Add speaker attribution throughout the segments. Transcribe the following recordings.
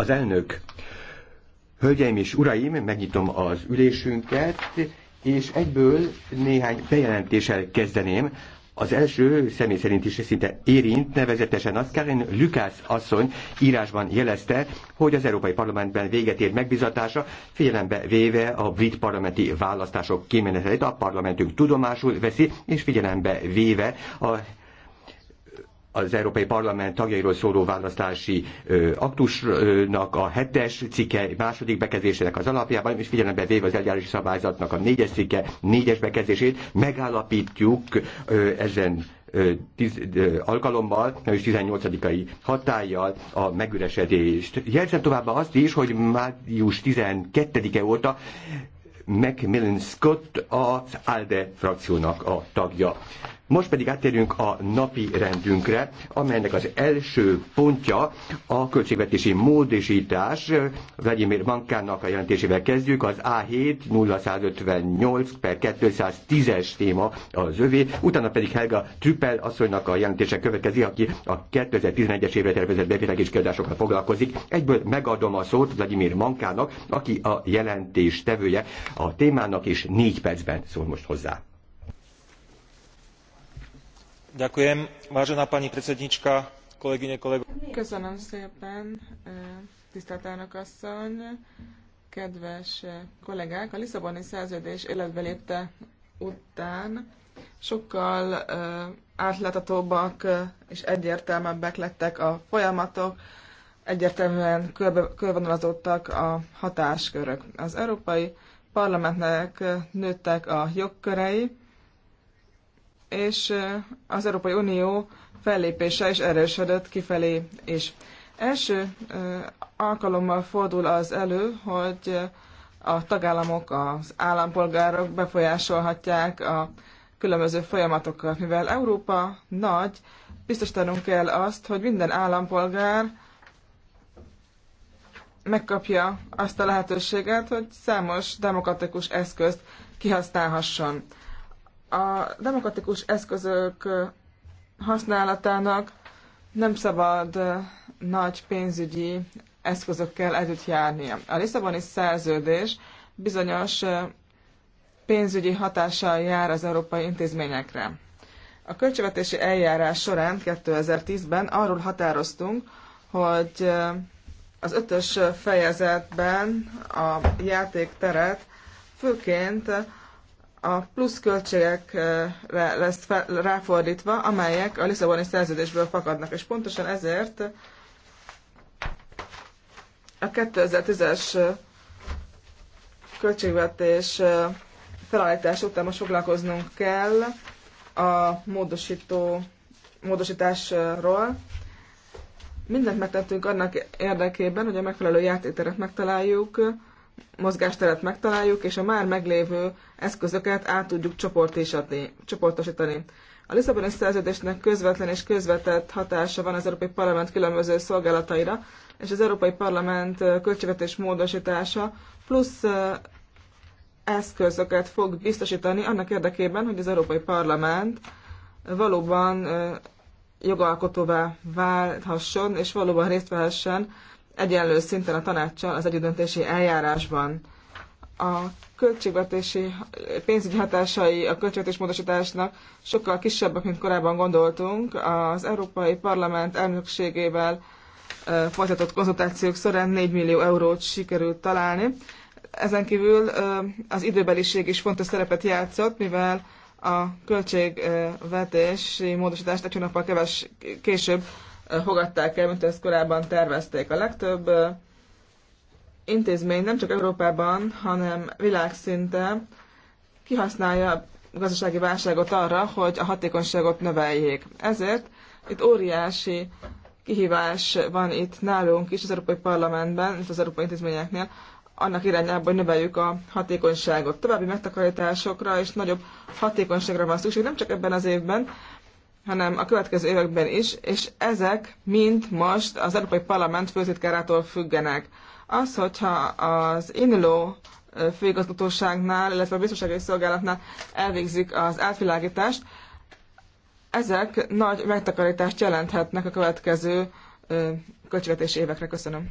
Speaker 1: az elnök. Hölgyeim és uraim, megnyitom az ülésünket, és egyből néhány bejelentéssel kezdeném. Az első személy szerint is szinte érint, nevezetesen az Karen Lukács asszony írásban jelezte, hogy az Európai Parlamentben véget ér megbizatása, figyelembe véve a brit parlamenti választások kimenetelét a parlamentünk tudomásul veszi, és figyelembe véve a az Európai Parlament tagjairól szóló választási ö, aktusnak a hetes cikke második bekezdésének az alapjában, és figyelembe véve az eljárási szabályzatnak a négyes cikke négyes bekezdését, megállapítjuk ö, ezen ö, tiz, ö, alkalommal, és 18-ai hatállyal a megüresedést. Jelzem továbbá azt is, hogy május 12-e óta Macmillan Scott az ALDE frakciónak a tagja. Most pedig áttérünk a napi rendünkre, amelynek az első pontja a költségvetési módosítás. Vladimir Bankának a jelentésével kezdjük, az A7 0158 per 210-es téma az övé, utána pedig Helga Trüppel asszonynak a jelentése következik, aki a 2011-es évre tervezett befektetési kiadásokkal foglalkozik. Egyből megadom a szót Vladimir Bankának, aki a jelentés tevője a témának, és négy percben szól most hozzá.
Speaker 2: Köszönöm szépen, tisztelt elnök asszony, kedves kollégák! A Lisszaboni szerződés életbe lépte után sokkal átláthatóbbak és egyértelműbbek lettek a folyamatok, egyértelműen körvonalazódtak a hatáskörök. Az Európai Parlamentnek nőttek a jogkörei, és az Európai Unió fellépése is erősödött kifelé is. Első alkalommal fordul az elő, hogy a tagállamok, az állampolgárok befolyásolhatják a különböző folyamatokat, mivel Európa nagy, biztosítanunk kell azt, hogy minden állampolgár megkapja azt a lehetőséget, hogy számos demokratikus eszközt kihasználhasson. A demokratikus eszközök használatának nem szabad nagy pénzügyi eszközökkel együtt járnia. A Lisszaboni szerződés bizonyos pénzügyi hatással jár az európai intézményekre. A költségvetési eljárás során 2010-ben arról határoztunk, hogy az ötös fejezetben a játékteret főként a plusz költségekre lesz fel, ráfordítva, amelyek a Lisszaboni szerződésből fakadnak, és pontosan ezért a 2010-es költségvetés felállítás után most foglalkoznunk kell a módosító, módosításról. Mindent megtettünk annak érdekében, hogy a megfelelő játéteret megtaláljuk, mozgásteret megtaláljuk, és a már meglévő eszközöket át tudjuk csoportosítani. A Lisszaboni szerződésnek közvetlen és közvetett hatása van az Európai Parlament különböző szolgálataira, és az Európai Parlament költségvetés módosítása plusz eszközöket fog biztosítani annak érdekében, hogy az Európai Parlament valóban jogalkotóvá válhasson, és valóban részt vehessen egyenlő szinten a tanácssal az együttdöntési eljárásban. A költségvetési pénzügyi hatásai a költségvetés módosításnak sokkal kisebbek, mint korábban gondoltunk. Az Európai Parlament elnökségével folytatott konzultációk során 4 millió eurót sikerült találni. Ezen kívül az időbeliség is fontos szerepet játszott, mivel a költségvetési módosítást egy hónappal keves később fogadták el, mint ezt korábban tervezték. A legtöbb intézmény nem csak Európában, hanem világszinte kihasználja a gazdasági válságot arra, hogy a hatékonyságot növeljék. Ezért itt óriási kihívás van itt nálunk is az Európai Parlamentben, és az Európai Intézményeknél, annak irányába, hogy növeljük a hatékonyságot. További megtakarításokra és nagyobb hatékonyságra van szükség, nem csak ebben az évben, hanem a következő években is, és ezek mind most az Európai Parlament főtitkárától függenek. Az, hogyha az INLO főigazgatóságnál, illetve a biztonsági szolgálatnál elvégzik az átvilágítást, ezek nagy megtakarítást jelenthetnek a következő költségvetési évekre. Köszönöm.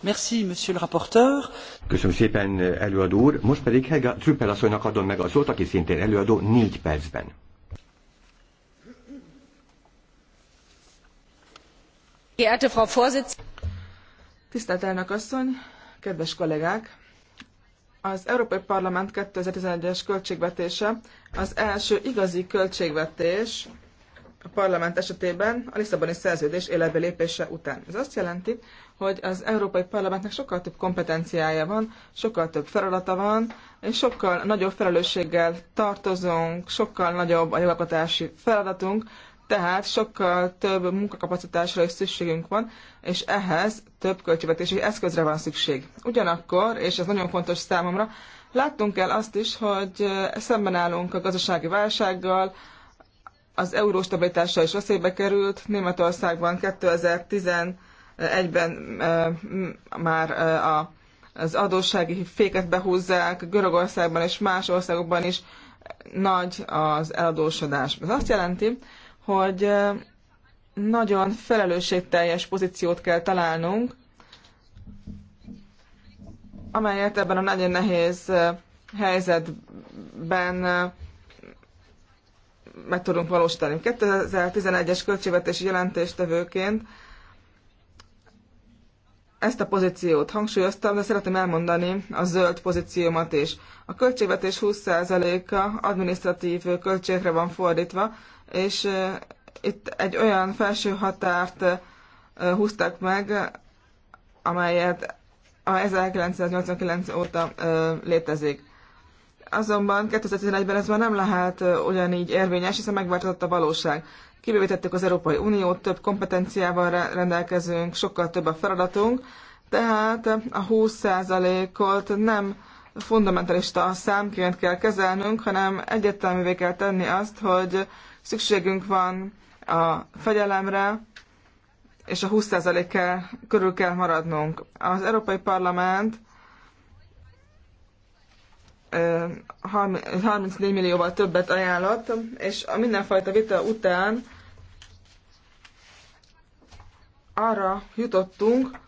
Speaker 2: Merci, monsieur le rapporteur.
Speaker 1: Köszönöm szépen, előadó úr. Most pedig Helga Trüppel asszonynak adom meg a szót, aki szintén előadó négy percben.
Speaker 2: Tisztelt elnök asszony, kedves kollégák! Az Európai Parlament eleven es költségvetése az első igazi költségvetés a parlament esetében a Lisszaboni szerződés életbe lépése után. Ez azt jelenti, hogy az Európai Parlamentnek sokkal több kompetenciája van, sokkal több feladata van, és sokkal nagyobb felelősséggel tartozunk, sokkal nagyobb a jogalkotási feladatunk, tehát sokkal több munkakapacitásra is szükségünk van, és ehhez több költségvetési eszközre van szükség. Ugyanakkor, és ez nagyon fontos számomra, láttunk el azt is, hogy eh, szemben állunk a gazdasági válsággal, az euró stabilitása is veszélybe került. Németországban 2011-ben eh, már eh, a, az adóssági féket behúzzák, Görögországban és más országokban is nagy az eladósodás. Ez azt jelenti, hogy nagyon felelősségteljes pozíciót kell találnunk, amelyet ebben a nagyon nehéz helyzetben meg tudunk valósítani. 2011-es költségvetési jelentéstevőként ezt a pozíciót hangsúlyoztam, de szeretném elmondani a zöld pozíciómat is. A költségvetés 20%-a adminisztratív költségre van fordítva, és itt egy olyan felső határt húztak meg, amelyet a 1989 óta létezik. Azonban 2011-ben ez már nem lehet ugyanígy érvényes, hiszen megváltozott a valóság. Kibővítettük az Európai Uniót, több kompetenciával rendelkezünk, sokkal több a feladatunk, tehát a 20%-ot nem fundamentalista számként kell kezelnünk, hanem egyértelművé kell tenni azt, hogy Szükségünk van a fegyelemre, és a 20%-kel körül kell maradnunk. Az Európai Parlament 34 millióval többet ajánlott, és a mindenfajta vita után arra jutottunk,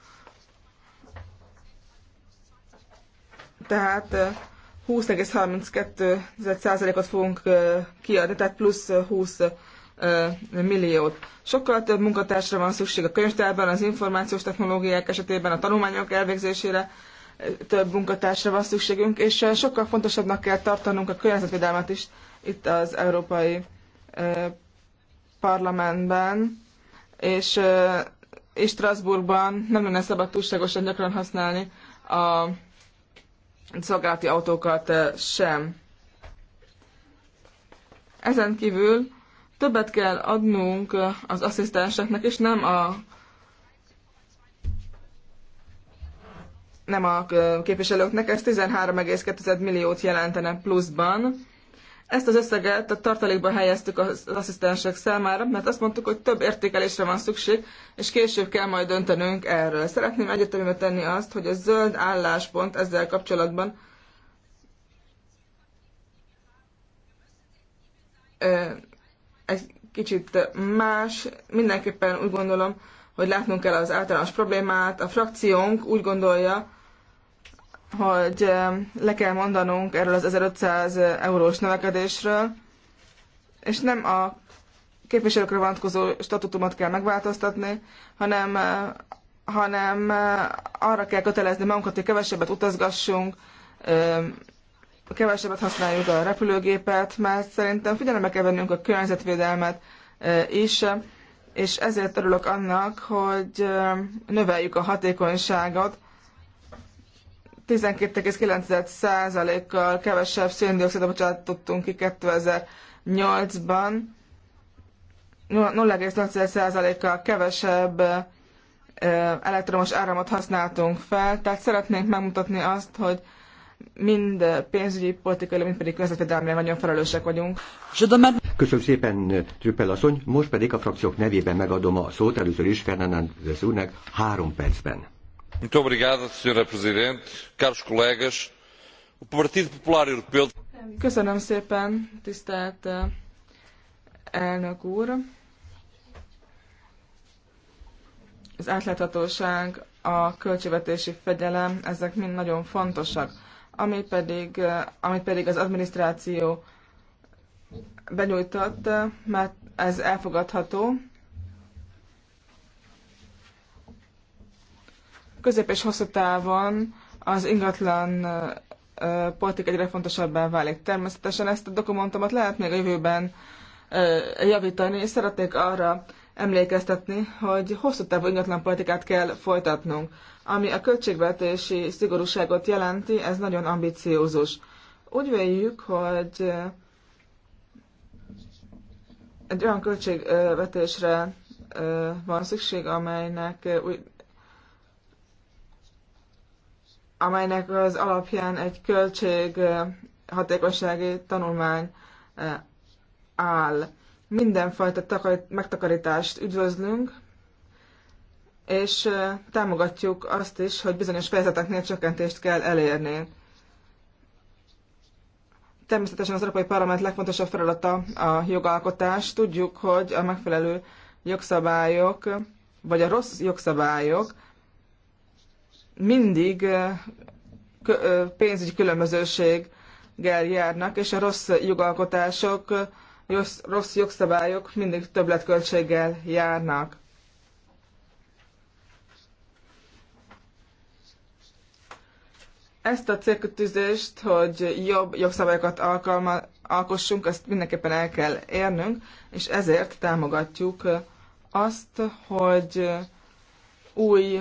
Speaker 2: tehát 20,32%-ot fogunk kiadni, tehát plusz 20 milliót. Sokkal több munkatársra van szükség a könyvtárban, az információs technológiák esetében, a tanulmányok elvégzésére több munkatársra van szükségünk, és sokkal fontosabbnak kell tartanunk a környezetvédelmet is itt az Európai Parlamentben, és, és Strasbourgban nem lenne szabad túlságosan gyakran használni a szolgálati autókat sem. Ezen kívül többet kell adnunk az asszisztenseknek, és nem a nem a képviselőknek, ez 13,2 milliót jelentene pluszban. Ezt az összeget a tartalékba helyeztük az asszisztensek számára, mert azt mondtuk, hogy több értékelésre van szükség, és később kell majd döntenünk erről. Szeretném egyetembe tenni azt, hogy a zöld álláspont ezzel kapcsolatban egy kicsit más. Mindenképpen úgy gondolom, hogy látnunk kell az általános problémát. A frakciónk úgy gondolja, hogy le kell mondanunk erről az 1500 eurós növekedésről, és nem a képviselőkre vonatkozó statutumot kell megváltoztatni, hanem, hanem arra kell kötelezni magunkat, hogy kevesebbet utazgassunk, kevesebbet használjuk a repülőgépet, mert szerintem figyelembe kell vennünk a környezetvédelmet is, és ezért örülök annak, hogy növeljük a hatékonyságot 12,9%-kal kevesebb széndiokszidot bocsátottunk ki 2008-ban, 0,8%-kal kevesebb elektromos áramot használtunk fel, tehát szeretnénk megmutatni azt, hogy mind pénzügyi, politikai, mind pedig közvetvédelmére nagyon felelősek vagyunk.
Speaker 1: Köszönöm szépen, Trüppel asszony. Most pedig a frakciók nevében megadom a szót először is Fernández úrnak három percben.
Speaker 2: Köszönöm szépen, tisztelt eh, elnök úr! Az átláthatóság, a költségvetési fegyelem, ezek mind nagyon fontosak. Ami pedig, eh, amit pedig az adminisztráció benyújtott, eh, mert ez elfogadható, közép és hosszú távon az ingatlan politika egyre fontosabbá válik. Természetesen ezt a dokumentumot lehet még a jövőben javítani, és szeretnék arra emlékeztetni, hogy hosszú távú ingatlan politikát kell folytatnunk. Ami a költségvetési szigorúságot jelenti, ez nagyon ambiciózus. Úgy véljük, hogy egy olyan költségvetésre van szükség, amelynek amelynek az alapján egy költség hatékonysági tanulmány áll. Mindenfajta megtakarítást üdvözlünk, és támogatjuk azt is, hogy bizonyos fejezeteknél csökkentést kell elérni. Természetesen az Európai Parlament legfontosabb feladata a jogalkotás. Tudjuk, hogy a megfelelő jogszabályok, vagy a rossz jogszabályok mindig pénzügyi különbözőséggel járnak, és a rossz jogalkotások, rossz, jogszabályok mindig többletköltséggel járnak. Ezt a célkötűzést, hogy jobb jogszabályokat alkossunk, ezt mindenképpen el kell érnünk, és ezért támogatjuk azt, hogy új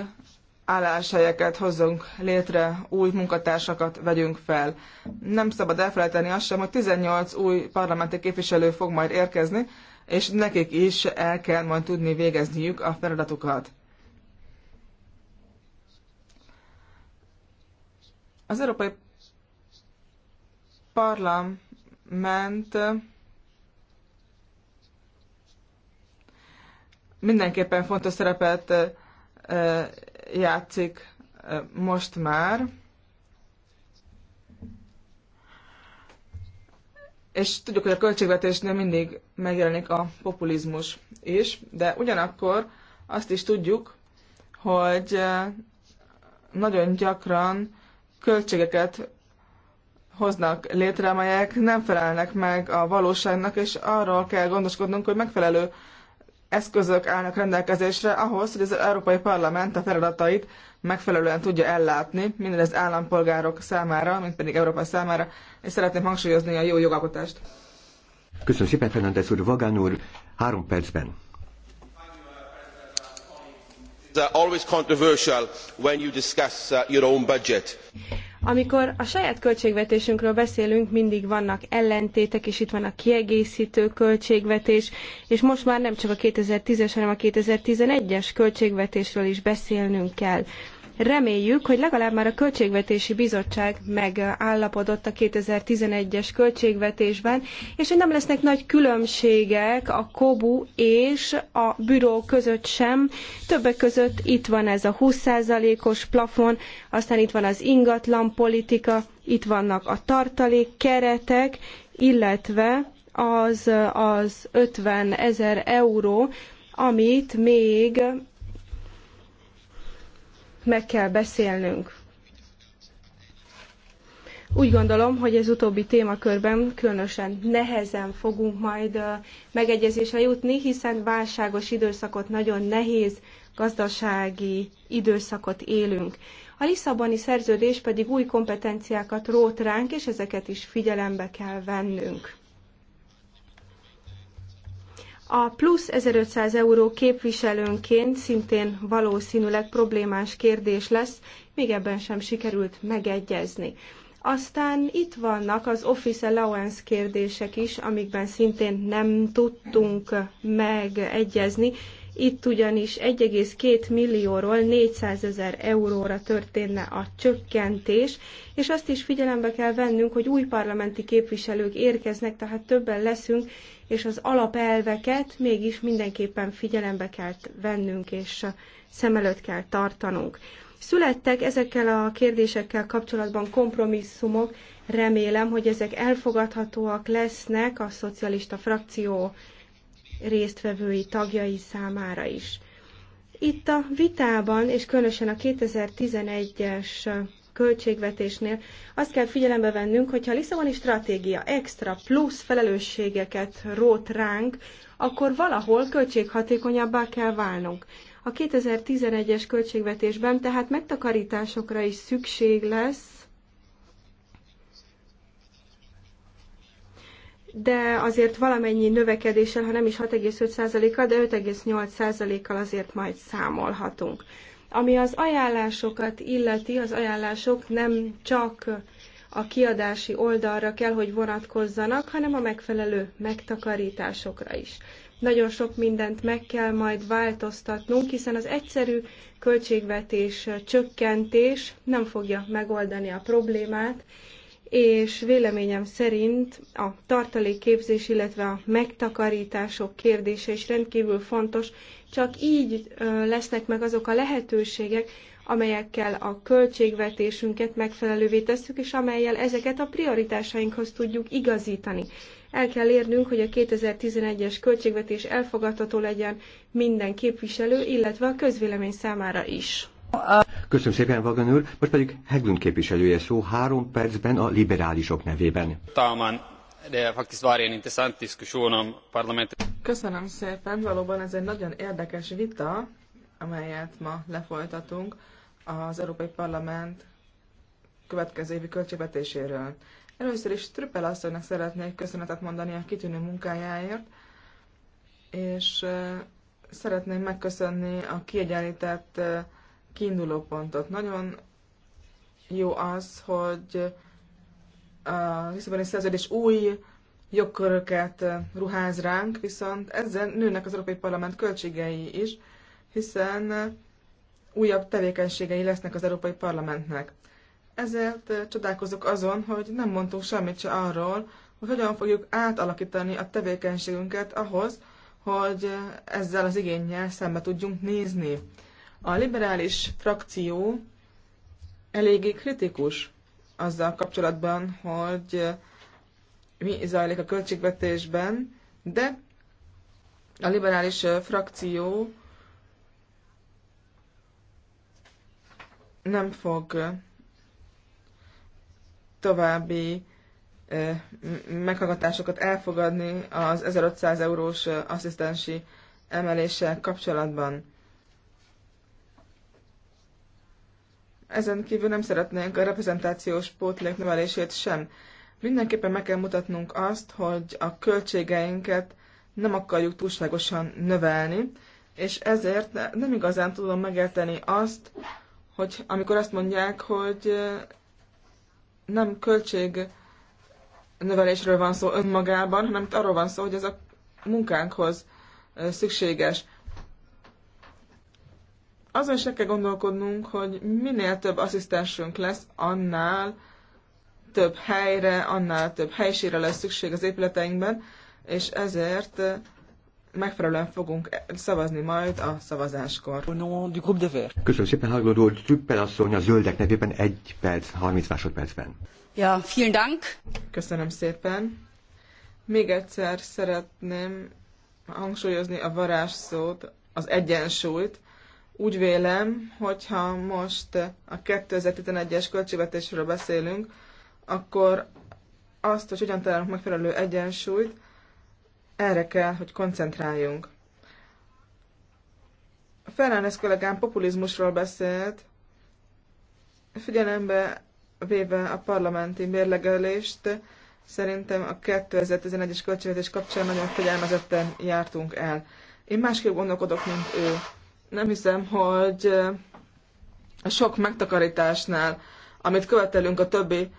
Speaker 2: álláshelyeket hozzunk létre, új munkatársakat vegyünk fel. Nem szabad elfelejteni azt sem, hogy 18 új parlamenti képviselő fog majd érkezni, és nekik is el kell majd tudni végezniük a feladatukat. Az Európai Parlament mindenképpen fontos szerepet játszik most már. És tudjuk, hogy a költségvetésnél mindig megjelenik a populizmus is, de ugyanakkor azt is tudjuk, hogy nagyon gyakran költségeket hoznak létre, amelyek nem felelnek meg a valóságnak, és arról kell gondoskodnunk, hogy megfelelő eszközök állnak rendelkezésre ahhoz, hogy az Európai Parlament a feladatait megfelelően tudja ellátni, mindez állampolgárok számára, mint pedig Európa számára, és szeretném hangsúlyozni a jó jogalkotást.
Speaker 1: Köszönöm szépen, Fernández úr. Vagán úr, három percben.
Speaker 3: always controversial when you discuss uh, your own budget. Amikor a saját költségvetésünkről beszélünk, mindig vannak ellentétek, és itt van a kiegészítő költségvetés, és most már nem csak a 2010-es, hanem a 2011-es költségvetésről is beszélnünk kell. Reméljük, hogy legalább már a Költségvetési Bizottság megállapodott a 2011-es költségvetésben, és hogy nem lesznek nagy különbségek a KOBU és a büró között sem. Többek között itt van ez a 20%-os plafon, aztán itt van az ingatlan politika, itt vannak a tartalék keretek, illetve az, az 50 ezer euró, amit még meg kell beszélnünk. Úgy gondolom, hogy ez utóbbi témakörben különösen nehezen fogunk majd megegyezésre jutni, hiszen válságos időszakot, nagyon nehéz gazdasági időszakot élünk. A Lisszaboni szerződés pedig új kompetenciákat rót ránk, és ezeket is figyelembe kell vennünk. A plusz 1500 euró képviselőnként szintén valószínűleg problémás kérdés lesz, még ebben sem sikerült megegyezni. Aztán itt vannak az office allowance kérdések is, amikben szintén nem tudtunk megegyezni. Itt ugyanis 1,2 millióról 400 ezer euróra történne a csökkentés, és azt is figyelembe kell vennünk, hogy új parlamenti képviselők érkeznek, tehát többen leszünk, és az alapelveket mégis mindenképpen figyelembe kell vennünk, és szem előtt kell tartanunk. Születtek ezekkel a kérdésekkel kapcsolatban kompromisszumok, remélem, hogy ezek elfogadhatóak lesznek a szocialista frakció résztvevői tagjai számára is. Itt a vitában, és különösen a 2011-es költségvetésnél azt kell figyelembe vennünk, hogyha a Lisszaboni stratégia extra plusz felelősségeket rót ránk, akkor valahol költséghatékonyabbá kell válnunk. A 2011-es költségvetésben tehát megtakarításokra is szükség lesz, de azért valamennyi növekedéssel, ha nem is 6,5%-kal, de 5,8%-kal azért majd számolhatunk. Ami az ajánlásokat illeti, az ajánlások nem csak a kiadási oldalra kell, hogy vonatkozzanak, hanem a megfelelő megtakarításokra is. Nagyon sok mindent meg kell majd változtatnunk, hiszen az egyszerű költségvetés csökkentés nem fogja megoldani a problémát, és véleményem szerint a tartalékképzés, illetve a megtakarítások kérdése is rendkívül fontos, csak így lesznek meg azok a lehetőségek, amelyekkel a költségvetésünket megfelelővé tesszük, és amelyel ezeket a prioritásainkhoz tudjuk igazítani. El kell érnünk, hogy a 2011-es költségvetés elfogadható legyen minden képviselő, illetve a közvélemény számára is.
Speaker 1: Köszönöm szépen, Vagan úr. Most pedig Heglund képviselője szó három percben a liberálisok nevében.
Speaker 3: Talán
Speaker 2: Köszönöm szépen, valóban ez egy nagyon érdekes vita, amelyet ma lefolytatunk az Európai Parlament következő évi költségvetéséről. Először is Trüppel asszonynak szeretnék köszönetet mondani a kitűnő munkájáért, és szeretném megköszönni a kiegyenlített kiindulópontot. Nagyon jó az, hogy a Lisszaboni szerződés új jogköröket ruház ránk, viszont ezzel nőnek az Európai Parlament költségei is, hiszen újabb tevékenységei lesznek az Európai Parlamentnek. Ezért csodálkozok azon, hogy nem mondtunk semmit se arról, hogy hogyan fogjuk átalakítani a tevékenységünket ahhoz, hogy ezzel az igényel szembe tudjunk nézni. A liberális frakció eléggé kritikus azzal kapcsolatban, hogy mi zajlik a költségvetésben, de a liberális frakció nem fog további meghallgatásokat elfogadni az 1500 eurós asszisztensi emeléssel kapcsolatban. Ezen kívül nem szeretnénk a reprezentációs pótlék növelését sem. Mindenképpen meg kell mutatnunk azt, hogy a költségeinket nem akarjuk túlságosan növelni, és ezért nem igazán tudom megérteni azt, hogy amikor azt mondják, hogy nem költség növelésről van szó önmagában, hanem arról van szó, hogy ez a munkánkhoz szükséges. Azon is kell gondolkodnunk, hogy minél több asszisztensünk lesz, annál több helyre, annál több helységre lesz szükség az épületeinkben, és ezért eh, megfelelően fogunk e- szavazni majd a szavazáskor.
Speaker 1: Köszönöm szépen, Haglod úr. Trüppel asszony a zöldek nevében egy perc, 30 másodpercben.
Speaker 2: Ja, vielen Dank. Köszönöm szépen. Még egyszer szeretném hangsúlyozni a varázsszót, az egyensúlyt, úgy vélem, hogyha most a 2011-es költségvetésről beszélünk, akkor azt, hogy hogyan találunk megfelelő egyensúlyt, erre kell, hogy koncentráljunk. A Fernández kollégám populizmusról beszélt, figyelembe véve a parlamenti mérlegelést, szerintem a 2011-es költségvetés kapcsán nagyon figyelmezetten jártunk el. Én másképp gondolkodok, mint ő nem hiszem, hogy a sok megtakarításnál, amit követelünk a többi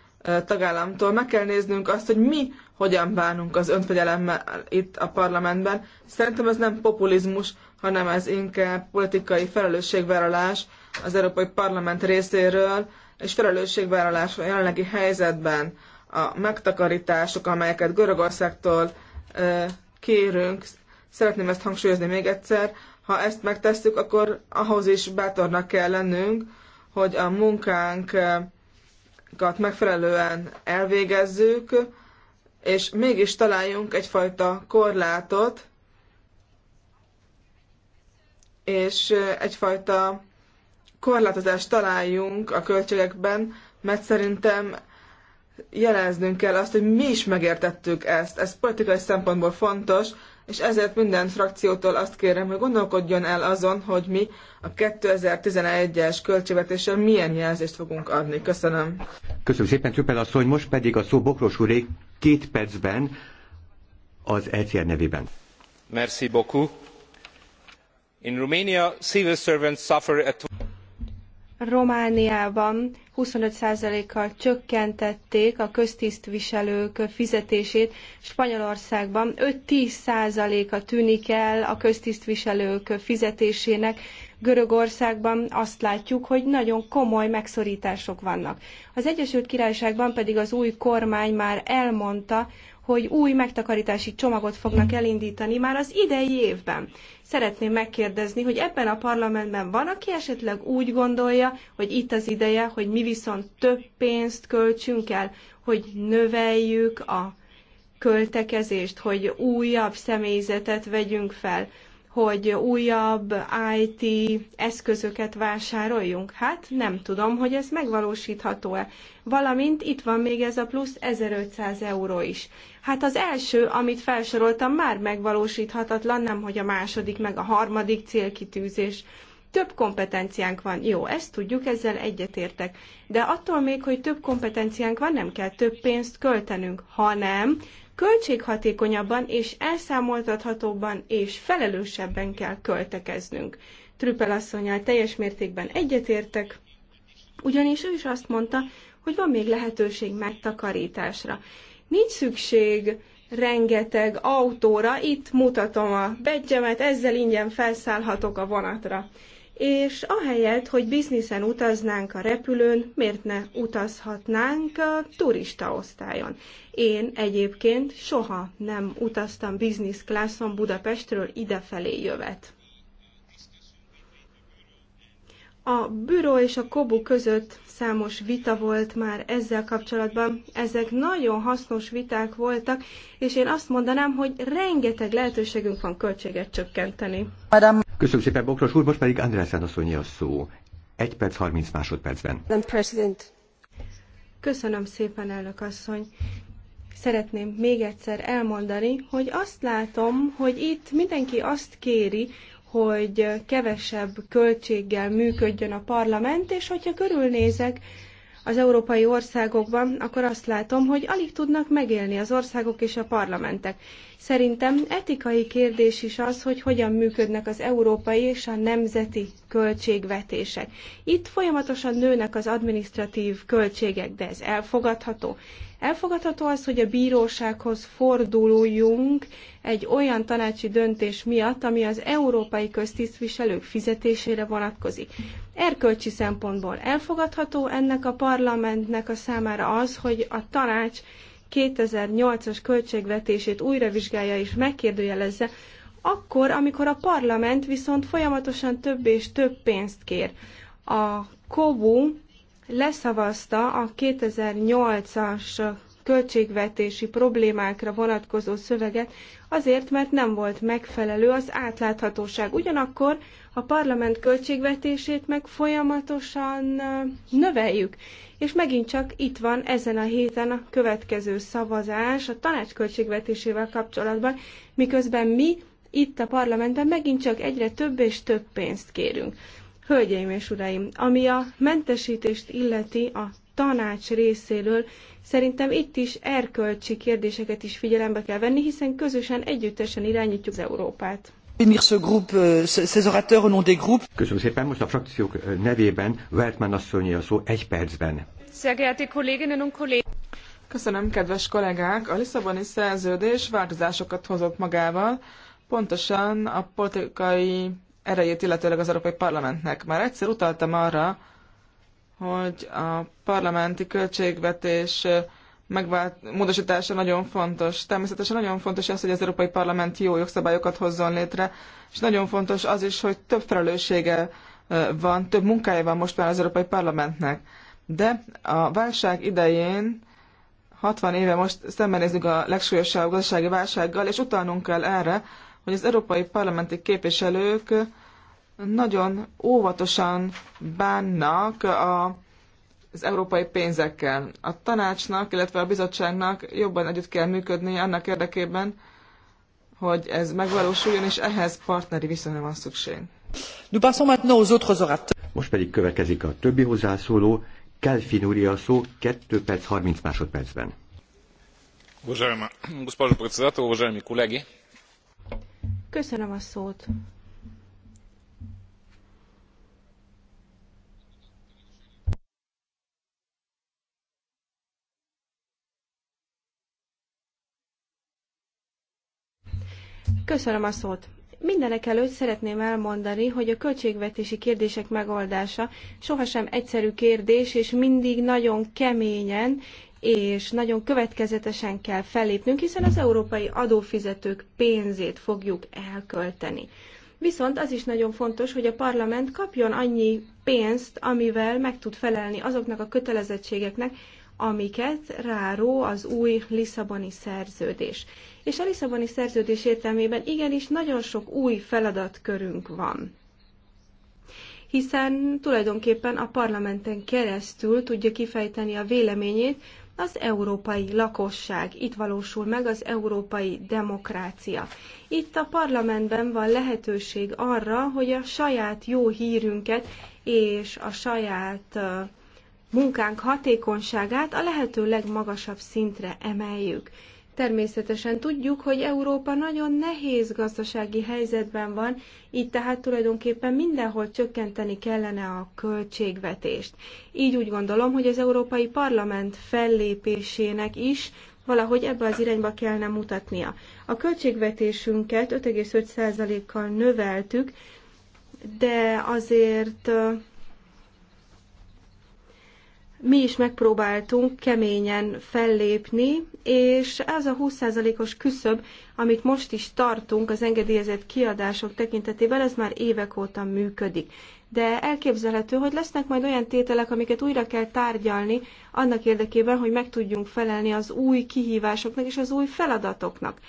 Speaker 2: tagállamtól, meg kell néznünk azt, hogy mi hogyan bánunk az önfegyelemmel itt a parlamentben. Szerintem ez nem populizmus, hanem ez inkább politikai felelősségvállalás az Európai Parlament részéről, és felelősségvállalás a jelenlegi helyzetben. A megtakarítások, amelyeket Görögországtól kérünk, szeretném ezt hangsúlyozni még egyszer, ha ezt megtesszük, akkor ahhoz is bátornak kell lennünk, hogy a munkánkat megfelelően elvégezzük, és mégis találjunk egyfajta korlátot, és egyfajta korlátozást találjunk a költségekben, mert szerintem jeleznünk kell azt, hogy mi is megértettük ezt. Ez politikai szempontból fontos, és ezért minden frakciótól azt kérem, hogy gondolkodjon el azon, hogy mi a 2011-es költségvetéssel milyen jelzést fogunk adni. Köszönöm.
Speaker 1: Köszönöm szépen, Csupel asszony, most pedig a szó Bokros úré két percben az ECR nevében. Merci beaucoup. In Romania, civil servants suffer at
Speaker 3: Romániában 25%-kal csökkentették a köztisztviselők fizetését, Spanyolországban 5-10%-a tűnik el a köztisztviselők fizetésének, Görögországban azt látjuk, hogy nagyon komoly megszorítások vannak. Az Egyesült Királyságban pedig az új kormány már elmondta, hogy új megtakarítási csomagot fognak elindítani már az idei évben. Szeretném megkérdezni, hogy ebben a parlamentben van, aki esetleg úgy gondolja, hogy itt az ideje, hogy mi viszont több pénzt költsünk el, hogy növeljük a költekezést, hogy újabb személyzetet vegyünk fel, hogy újabb IT eszközöket vásároljunk? Hát nem tudom, hogy ez megvalósítható-e. Valamint itt van még ez a plusz 1500 euró is. Hát az első, amit felsoroltam, már megvalósíthatatlan, nem hogy a második, meg a harmadik célkitűzés több kompetenciánk van. Jó, ezt tudjuk, ezzel egyetértek. De attól még, hogy több kompetenciánk van, nem kell több pénzt költenünk, hanem költséghatékonyabban és elszámoltathatóban és felelősebben kell költekeznünk. Trüppel asszonyjal teljes mértékben egyetértek, ugyanis ő is azt mondta, hogy van még lehetőség megtakarításra. Nincs szükség rengeteg autóra, itt mutatom a bedzsemet, ezzel ingyen felszállhatok a vonatra és ahelyett, hogy bizniszen utaznánk a repülőn, miért ne utazhatnánk a turista osztályon. Én egyébként soha nem utaztam business classon Budapestről idefelé jövet. A büro és a kobu között számos vita volt már ezzel kapcsolatban. Ezek nagyon hasznos viták voltak, és én azt mondanám, hogy rengeteg lehetőségünk van költséget csökkenteni.
Speaker 1: Madame. Köszönöm szépen, Bokros úr, most pedig András asszonyi a szó. Egy perc, 30 másodpercben.
Speaker 3: Nem, president. Köszönöm szépen, elnök asszony. Szeretném még egyszer elmondani, hogy azt látom, hogy itt mindenki azt kéri, hogy kevesebb költséggel működjön a parlament, és hogyha körülnézek, az európai országokban, akkor azt látom, hogy alig tudnak megélni az országok és a parlamentek. Szerintem etikai kérdés is az, hogy hogyan működnek az európai és a nemzeti költségvetések. Itt folyamatosan nőnek az administratív költségek, de ez elfogadható. Elfogadható az, hogy a bírósághoz forduljunk egy olyan tanácsi döntés miatt, ami az európai köztisztviselők fizetésére vonatkozik. Erkölcsi szempontból elfogadható ennek a parlamentnek a számára az, hogy a tanács 2008-as költségvetését újravizsgálja és megkérdőjelezze, akkor, amikor a parlament viszont folyamatosan több és több pénzt kér. A KOBU leszavazta a 2008-as költségvetési problémákra vonatkozó szöveget, azért, mert nem volt megfelelő az átláthatóság. Ugyanakkor a parlament költségvetését meg folyamatosan növeljük. És megint csak itt van ezen a héten a következő szavazás a tanács költségvetésével kapcsolatban, miközben mi itt a parlamentben megint csak egyre több és több pénzt kérünk. Hölgyeim és uraim, ami a mentesítést illeti a tanács részéről, Szerintem itt is erkölcsi kérdéseket is figyelembe kell venni, hiszen közösen, együttesen irányítjuk az Európát.
Speaker 1: Euh, Köszönöm szépen, most a frakciók euh, nevében Wertmann asszonyi a szó egy percben.
Speaker 2: Köszönöm, kedves kollégák! A Lisszaboni szerződés változásokat hozott magával, pontosan a politikai erejét, illetőleg az Európai Parlamentnek. Már egyszer utaltam arra, hogy a parlamenti költségvetés megvált, módosítása nagyon fontos. Természetesen nagyon fontos az, hogy az Európai Parlament jó jogszabályokat hozzon létre, és nagyon fontos az is, hogy több felelőssége van, több munkája van most már az Európai Parlamentnek. De a válság idején 60 éve most szembenézünk a legsúlyosabb gazdasági válsággal, és utalnunk kell erre, hogy az európai parlamenti képviselők nagyon óvatosan bánnak a, az európai pénzekkel. A tanácsnak, illetve a bizottságnak jobban együtt kell működni annak érdekében, hogy ez megvalósuljon, és ehhez partneri viszonyra van szükség.
Speaker 1: Most pedig következik a többi hozzászóló, Kelfin úr a szó 2 perc 30 másodpercben.
Speaker 3: Köszönöm a szót. Köszönöm a szót. Mindenek előtt szeretném elmondani, hogy a költségvetési kérdések megoldása sohasem egyszerű kérdés, és mindig nagyon keményen és nagyon következetesen kell fellépnünk, hiszen az európai adófizetők pénzét fogjuk elkölteni. Viszont az is nagyon fontos, hogy a parlament kapjon annyi pénzt, amivel meg tud felelni azoknak a kötelezettségeknek, amiket ráró az új Lisszaboni szerződés. És a Lisszaboni szerződés értelmében igenis nagyon sok új feladatkörünk van hiszen tulajdonképpen a parlamenten keresztül tudja kifejteni a véleményét az európai lakosság. Itt valósul meg az európai demokrácia. Itt a parlamentben van lehetőség arra, hogy a saját jó hírünket és a saját munkánk hatékonyságát a lehető legmagasabb szintre emeljük. Természetesen tudjuk, hogy Európa nagyon nehéz gazdasági helyzetben van, így tehát tulajdonképpen mindenhol csökkenteni kellene a költségvetést. Így úgy gondolom, hogy az Európai Parlament fellépésének is valahogy ebbe az irányba kellene mutatnia. A költségvetésünket 5,5%-kal növeltük, de azért mi is megpróbáltunk keményen fellépni, és ez a 20%-os küszöb, amit most is tartunk az engedélyezett kiadások tekintetében, ez már évek óta működik. De elképzelhető, hogy lesznek majd olyan tételek, amiket újra kell tárgyalni, annak érdekében, hogy meg tudjunk felelni az új kihívásoknak és az új feladatoknak.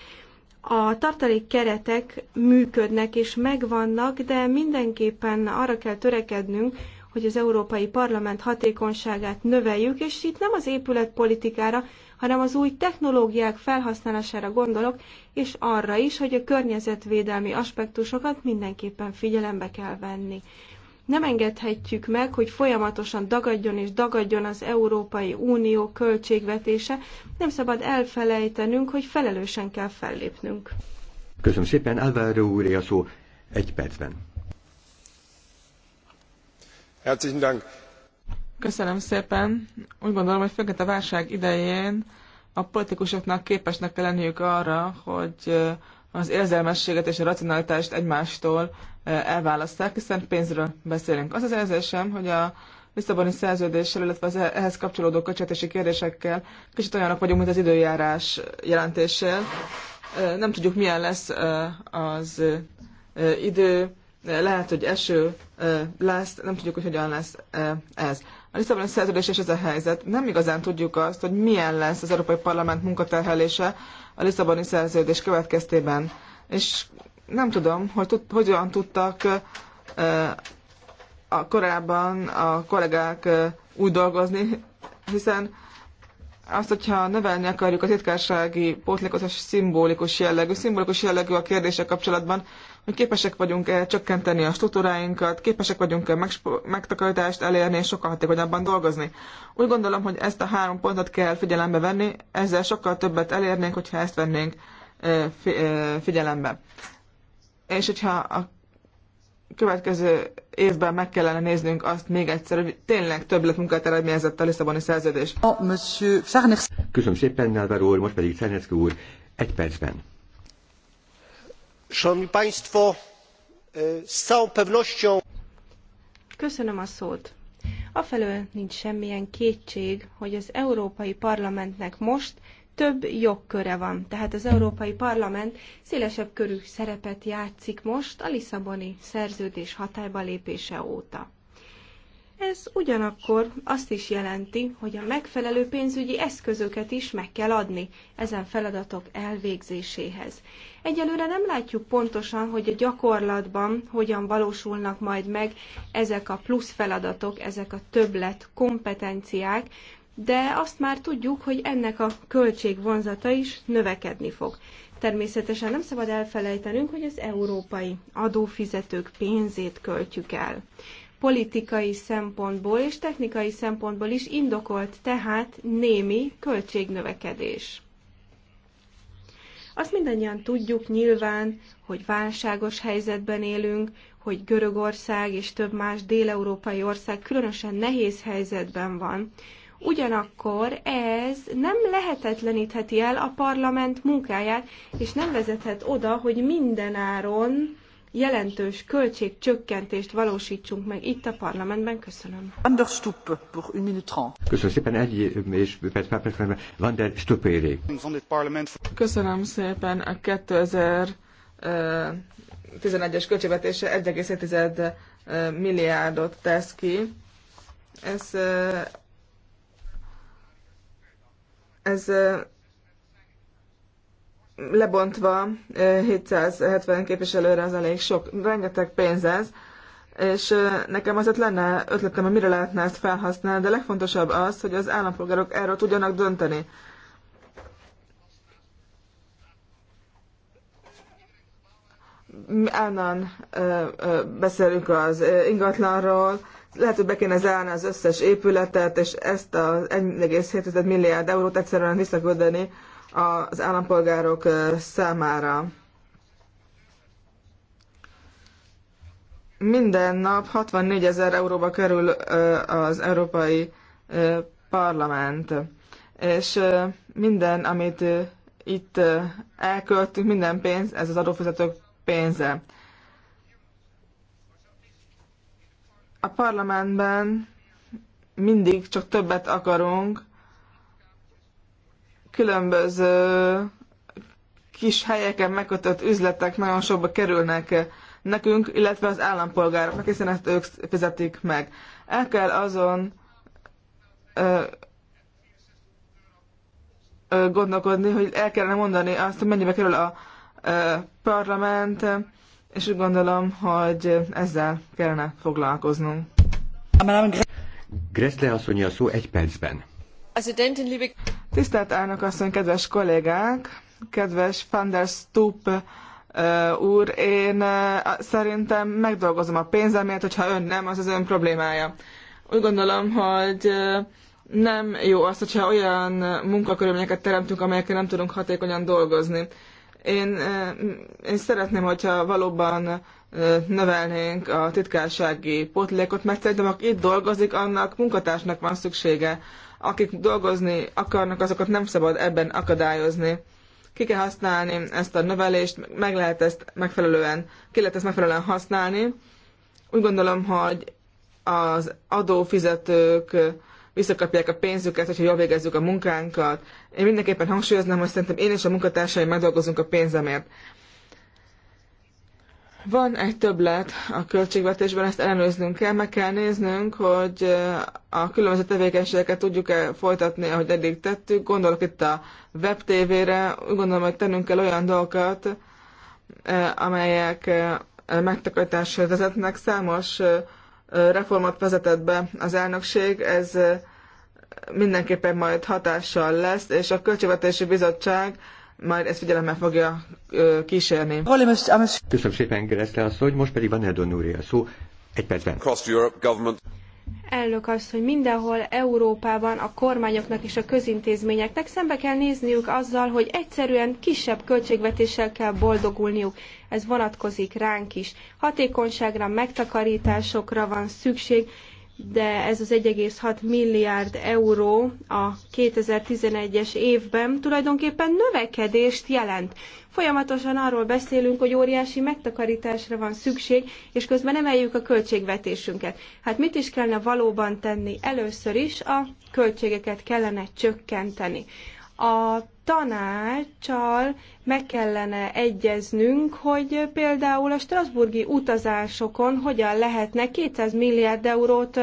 Speaker 3: A tartalék keretek működnek és megvannak, de mindenképpen arra kell törekednünk, hogy az Európai Parlament hatékonyságát növeljük, és itt nem az épületpolitikára, hanem az új technológiák felhasználására gondolok, és arra is, hogy a környezetvédelmi aspektusokat mindenképpen figyelembe kell venni. Nem engedhetjük meg, hogy folyamatosan dagadjon és dagadjon az Európai Unió költségvetése. Nem szabad elfelejtenünk, hogy felelősen kell fellépnünk.
Speaker 1: Köszönöm szépen, Álvaro úr, a szó egy percben.
Speaker 2: Köszönöm szépen. Úgy gondolom, hogy főként a válság idején a politikusoknak képesnek kell lenniük arra, hogy az érzelmességet és a racionalitást egymástól elválasszák hiszen pénzről beszélünk. Az az érzésem, hogy a Lisszaboni szerződéssel, illetve az e- ehhez kapcsolódó költségvetési kérdésekkel kicsit olyanok vagyunk, mint az időjárás jelentéssel. Nem tudjuk, milyen lesz az idő, lehet, hogy eső lesz, nem tudjuk, hogy hogyan lesz ez. A Lisszaboni szerződés és ez a helyzet. Nem igazán tudjuk azt, hogy milyen lesz az Európai Parlament munkaterhelése a Lisszaboni szerződés következtében. És nem tudom, hogy tud, hogyan tudtak a korábban a kollégák úgy dolgozni, hiszen azt, hogyha növelni akarjuk a titkársági pótlékozás szimbolikus jellegű. Szimbolikus jellegű a kérdése kapcsolatban, hogy képesek vagyunk-e csökkenteni a struktúráinkat, képesek vagyunk-e megtakarítást elérni és sokkal hatékonyabban dolgozni. Úgy gondolom, hogy ezt a három pontot kell figyelembe venni, ezzel sokkal többet elérnénk, hogyha ezt vennénk figyelembe. És hogyha a következő évben meg kellene néznünk azt még egyszer, hogy tényleg munkát eredményezett a Lisszaboni szerződés.
Speaker 1: Köszönöm szépen, Nelver úr, most pedig Szernecki úr, egy percben. E, z całą pewnością.
Speaker 3: a afelől nincs semmilyen kétség hogy az európai parlamentnek most több jogköre van. Tehát az Európai Parlament szélesebb körű szerepet játszik most a Lisszaboni szerződés hatálybalépése óta. Ez ugyanakkor azt is jelenti, hogy a megfelelő pénzügyi eszközöket is meg kell adni ezen feladatok elvégzéséhez. Egyelőre nem látjuk pontosan, hogy a gyakorlatban hogyan valósulnak majd meg ezek a plusz feladatok, ezek a többlet kompetenciák, de azt már tudjuk, hogy ennek a költségvonzata is növekedni fog. Természetesen nem szabad elfelejtenünk, hogy az európai adófizetők pénzét költjük el politikai szempontból és technikai szempontból is indokolt tehát némi költségnövekedés. Azt mindannyian tudjuk nyilván, hogy válságos helyzetben élünk, hogy Görögország és több más déleurópai ország különösen nehéz helyzetben van. Ugyanakkor ez nem lehetetlenítheti el a parlament munkáját, és nem vezethet oda, hogy mindenáron jelentős költségcsökkentést valósítsunk meg itt a parlamentben.
Speaker 2: Köszönöm. Van der Stuppe, pour une minute
Speaker 1: Köszönöm szépen, egy és perc, perc, perc, Van der Stuppe
Speaker 2: Köszönöm szépen a 2011-es költségvetése 1,7 milliárdot tesz ki. Ez ez lebontva 770 képviselőre az elég sok, rengeteg pénz ez, és nekem azért lenne ötletem, hogy mire lehetne ezt felhasználni, de legfontosabb az, hogy az állampolgárok erről tudjanak dönteni. Állandóan beszélünk az ingatlanról, lehet, hogy be kéne zárni az összes épületet, és ezt az 1,7 milliárd eurót egyszerűen visszaküldeni az állampolgárok számára. Minden nap 64 ezer euróba kerül az Európai Parlament, és minden, amit itt elköltünk, minden pénz, ez az adófizetők pénze. A parlamentben mindig csak többet akarunk, különböző kis helyeken megkötött üzletek nagyon sokba kerülnek nekünk, illetve az állampolgároknak, hiszen ezt ők fizetik meg. El kell azon ö, ö, gondolkodni, hogy el kellene mondani azt, hogy mennyibe kerül a ö, parlament, és úgy gondolom, hogy ezzel kellene foglalkoznunk.
Speaker 1: Gressle asszonyi a szó egy percben.
Speaker 2: Tisztelt elnök asszony, kedves kollégák, kedves Van der Stoop úr, én szerintem megdolgozom a pénzemért, hogyha ön nem, az az ön problémája. Úgy gondolom, hogy nem jó az, hogyha olyan munkakörülményeket teremtünk, amelyekkel nem tudunk hatékonyan dolgozni. Én, én szeretném, hogyha valóban növelnénk a titkársági pótlékot, mert szerintem, aki itt dolgozik, annak munkatársnak van szüksége akik dolgozni akarnak, azokat nem szabad ebben akadályozni. Ki kell használni ezt a növelést, meg lehet ezt megfelelően, ki lehet ezt megfelelően használni. Úgy gondolom, hogy az adófizetők visszakapják a pénzüket, hogyha jól végezzük a munkánkat. Én mindenképpen hangsúlyoznám, hogy szerintem én és a munkatársaim megdolgozunk a pénzemért. Van egy többlet a költségvetésben, ezt ellenőznünk kell, meg kell néznünk, hogy eh, a különböző tevékenységeket tudjuk-e folytatni, ahogy eddig tettük. Gondolok itt a webtévére, úgy gondolom, hogy tennünk kell olyan dolgokat, eh, amelyek eh, megtakarításra vezetnek. Számos reformat vezetett be az elnökség, ez mindenképpen majd hatással lesz, és a Költségvetési Bizottság majd ezt figyelemmel fogja ö, kísérni. Ah,
Speaker 1: Köszönöm szépen, Gereszle asszony, most pedig van Erdőn úr a szó. Egy percben.
Speaker 3: Elnök azt, hogy mindenhol Európában a kormányoknak és a közintézményeknek szembe kell nézniük azzal, hogy egyszerűen kisebb költségvetéssel kell boldogulniuk. Ez vonatkozik ránk is. Hatékonyságra, megtakarításokra van szükség, de ez az 1,6 milliárd euró a 2011-es évben tulajdonképpen növekedést jelent. Folyamatosan arról beszélünk, hogy óriási megtakarításra van szükség, és közben emeljük a költségvetésünket. Hát mit is kellene valóban tenni? Először is a költségeket kellene csökkenteni a tanácsal meg kellene egyeznünk, hogy például a strasburgi utazásokon hogyan lehetne 200 milliárd eurót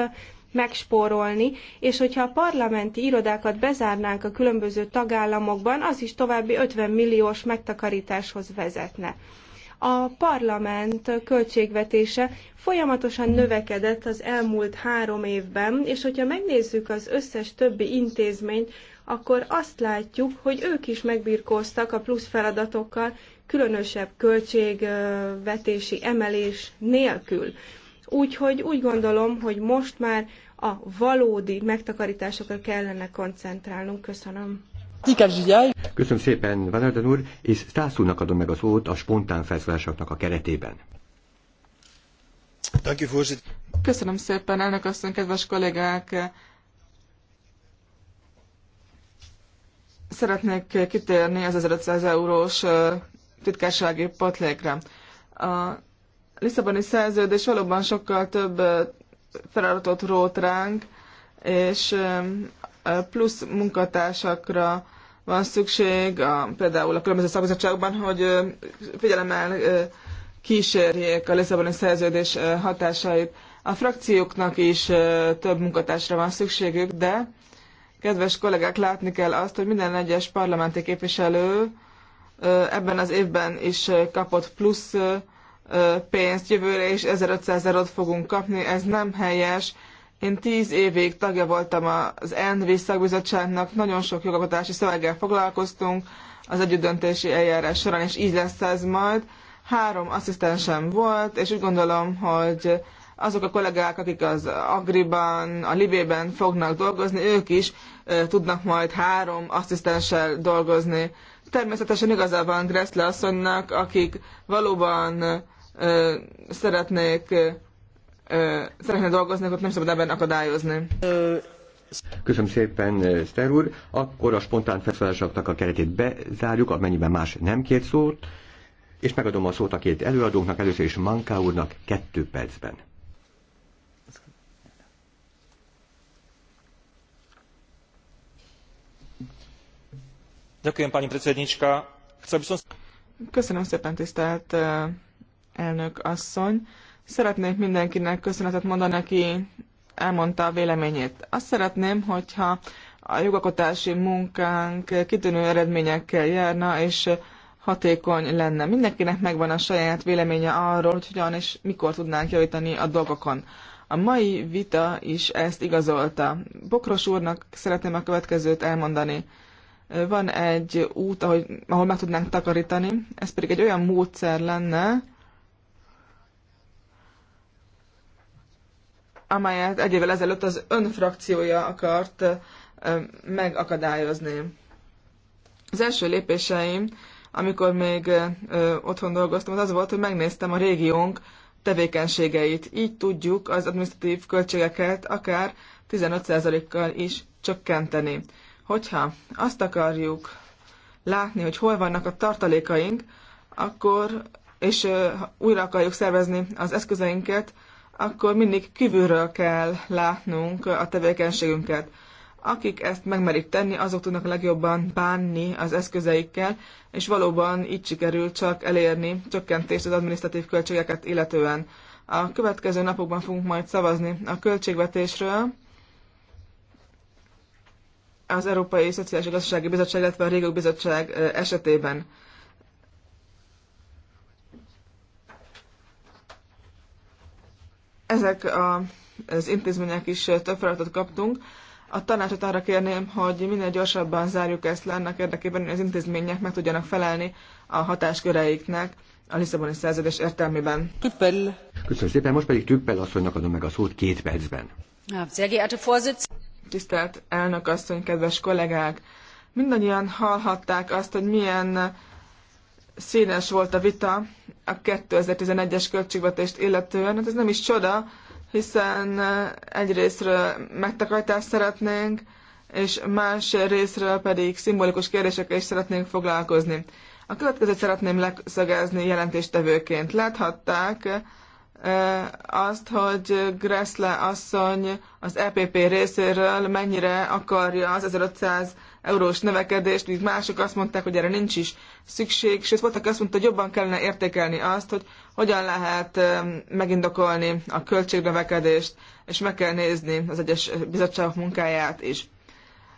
Speaker 3: megspórolni, és hogyha a parlamenti irodákat bezárnánk a különböző tagállamokban, az is további 50 milliós megtakarításhoz vezetne. A parlament költségvetése folyamatosan növekedett az elmúlt három évben, és hogyha megnézzük az összes többi intézményt, akkor azt látjuk, hogy ők is megbirkóztak a plusz feladatokkal, különösebb költségvetési emelés nélkül. Úgyhogy úgy gondolom, hogy most már a valódi megtakarításokra kellene koncentrálnunk. Köszönöm.
Speaker 1: Köszönöm szépen, Vanardan úr, és Stász adom meg a szót a spontán felszólásoknak a keretében.
Speaker 2: Köszönöm szépen, elnök asszony, kedves kollégák! Szeretnék kitérni az 1500 eurós titkársági patlékre. A Lisszaboni szerződés valóban sokkal több feladatot rót ránk, és plusz munkatársakra van szükség, a, például a különböző szakbizottságokban, hogy figyelemmel kísérjék a Lisszaboni szerződés hatásait. A frakcióknak is több munkatársra van szükségük, de Kedves kollégák, látni kell azt, hogy minden egyes parlamenti képviselő ebben az évben is kapott plusz pénzt, jövőre is 1500 eurót fogunk kapni, ez nem helyes. Én tíz évig tagja voltam az ENVI szakbizottságnak, nagyon sok jogalkotási szöveggel foglalkoztunk az együttdöntési eljárás során, és így lesz ez majd. Három asszisztensem volt, és úgy gondolom, hogy azok a kollégák, akik az Agriban, a Libében fognak dolgozni, ők is tudnak majd három asszisztenssel dolgozni. Természetesen igaza van Gressle asszonynak, akik valóban ö, szeretnék ö, szeretne dolgozni, ott nem szabad ebben akadályozni.
Speaker 1: Köszönöm szépen, Szter úr. Akkor a spontán felszólásoknak a keretét bezárjuk, amennyiben más nem két szót, és megadom a szót a két előadónknak, először is Manká úrnak kettő percben.
Speaker 2: Köszönöm szépen, tisztelt elnök asszony. Szeretnék mindenkinek köszönetet mondani, aki elmondta a véleményét. Azt szeretném, hogyha a jogakotási munkánk kitűnő eredményekkel járna, és hatékony lenne. Mindenkinek megvan a saját véleménye arról, hogy hogyan és mikor tudnánk javítani a dolgokon. A mai vita is ezt igazolta. Bokros úrnak szeretném a következőt elmondani van egy út, ahogy, ahol meg tudnánk takarítani, ez pedig egy olyan módszer lenne, amelyet egy évvel ezelőtt az önfrakciója akart megakadályozni. Az első lépéseim, amikor még otthon dolgoztam, az az volt, hogy megnéztem a régiónk tevékenységeit. Így tudjuk az administratív költségeket akár 15%-kal is csökkenteni. Hogyha azt akarjuk látni, hogy hol vannak a tartalékaink, akkor, és újra akarjuk szervezni az eszközeinket, akkor mindig kívülről kell látnunk a tevékenységünket. Akik ezt megmerik tenni, azok tudnak legjobban bánni az eszközeikkel, és valóban így sikerül csak elérni csökkentést az adminisztratív költségeket illetően. A következő napokban fogunk majd szavazni a költségvetésről, az Európai Szociális Gazdasági Bizottság, illetve a Régók Bizottság esetében. Ezek a, az intézmények is több feladatot kaptunk. A tanácsot arra kérném, hogy minél gyorsabban zárjuk ezt le annak érdekében, hogy az intézmények meg tudjanak felelni a hatásköreiknek a Lisszaboni szerződés értelmében. Tüppel.
Speaker 1: Köszönöm szépen, most pedig Tüppel asszonynak adom meg a szót két percben.
Speaker 2: Ja, sehr geehrte tisztelt elnök asszony, kedves kollégák! Mindannyian hallhatták azt, hogy milyen színes volt a vita a 2011-es költségvetést illetően. Hát ez nem is csoda, hiszen egyrésztről megtakarítást szeretnénk, és más részről pedig szimbolikus kérdésekkel is szeretnénk foglalkozni. A következőt szeretném leszögezni jelentéstevőként. Láthatták, azt, hogy Gressle asszony az EPP részéről mennyire akarja az 1500 eurós növekedést, míg mások azt mondták, hogy erre nincs is szükség, sőt voltak azt mondta, hogy jobban kellene értékelni azt, hogy hogyan lehet megindokolni a költségnövekedést, és meg kell nézni az egyes bizottságok munkáját is.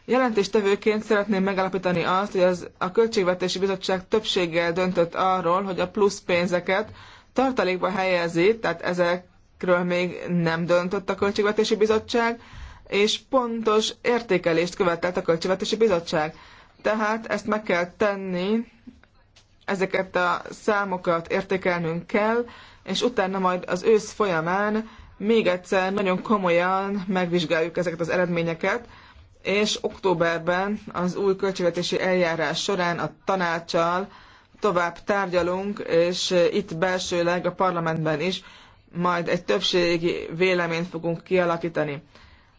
Speaker 2: Jelentéstevőként szeretném megállapítani azt, hogy az, a Költségvetési Bizottság többséggel döntött arról, hogy a plusz pénzeket tartalékba helyezi, tehát ezekről még nem döntött a Költségvetési Bizottság, és pontos értékelést követelt a Költségvetési Bizottság. Tehát ezt meg kell tenni, ezeket a számokat értékelnünk kell, és utána majd az ősz folyamán még egyszer nagyon komolyan megvizsgáljuk ezeket az eredményeket, és októberben az új költségvetési eljárás során a tanácsal tovább tárgyalunk, és itt belsőleg a parlamentben is majd egy többségi véleményt fogunk kialakítani.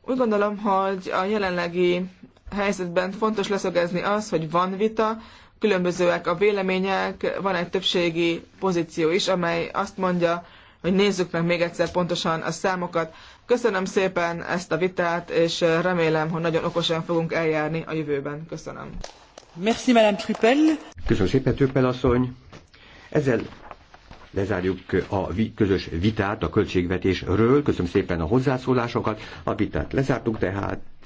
Speaker 2: Úgy gondolom, hogy a jelenlegi helyzetben fontos leszögezni az, hogy van vita, különbözőek a vélemények, van egy többségi pozíció is, amely azt mondja, hogy nézzük meg még egyszer pontosan a számokat. Köszönöm szépen ezt a vitát, és remélem, hogy nagyon okosan fogunk eljárni a jövőben. Köszönöm.
Speaker 1: Merci, Madame Köszönöm szépen, Trüppel asszony. Ezzel lezárjuk a közös vitát a költségvetésről. Köszönöm szépen a hozzászólásokat. A vitát lezártuk tehát.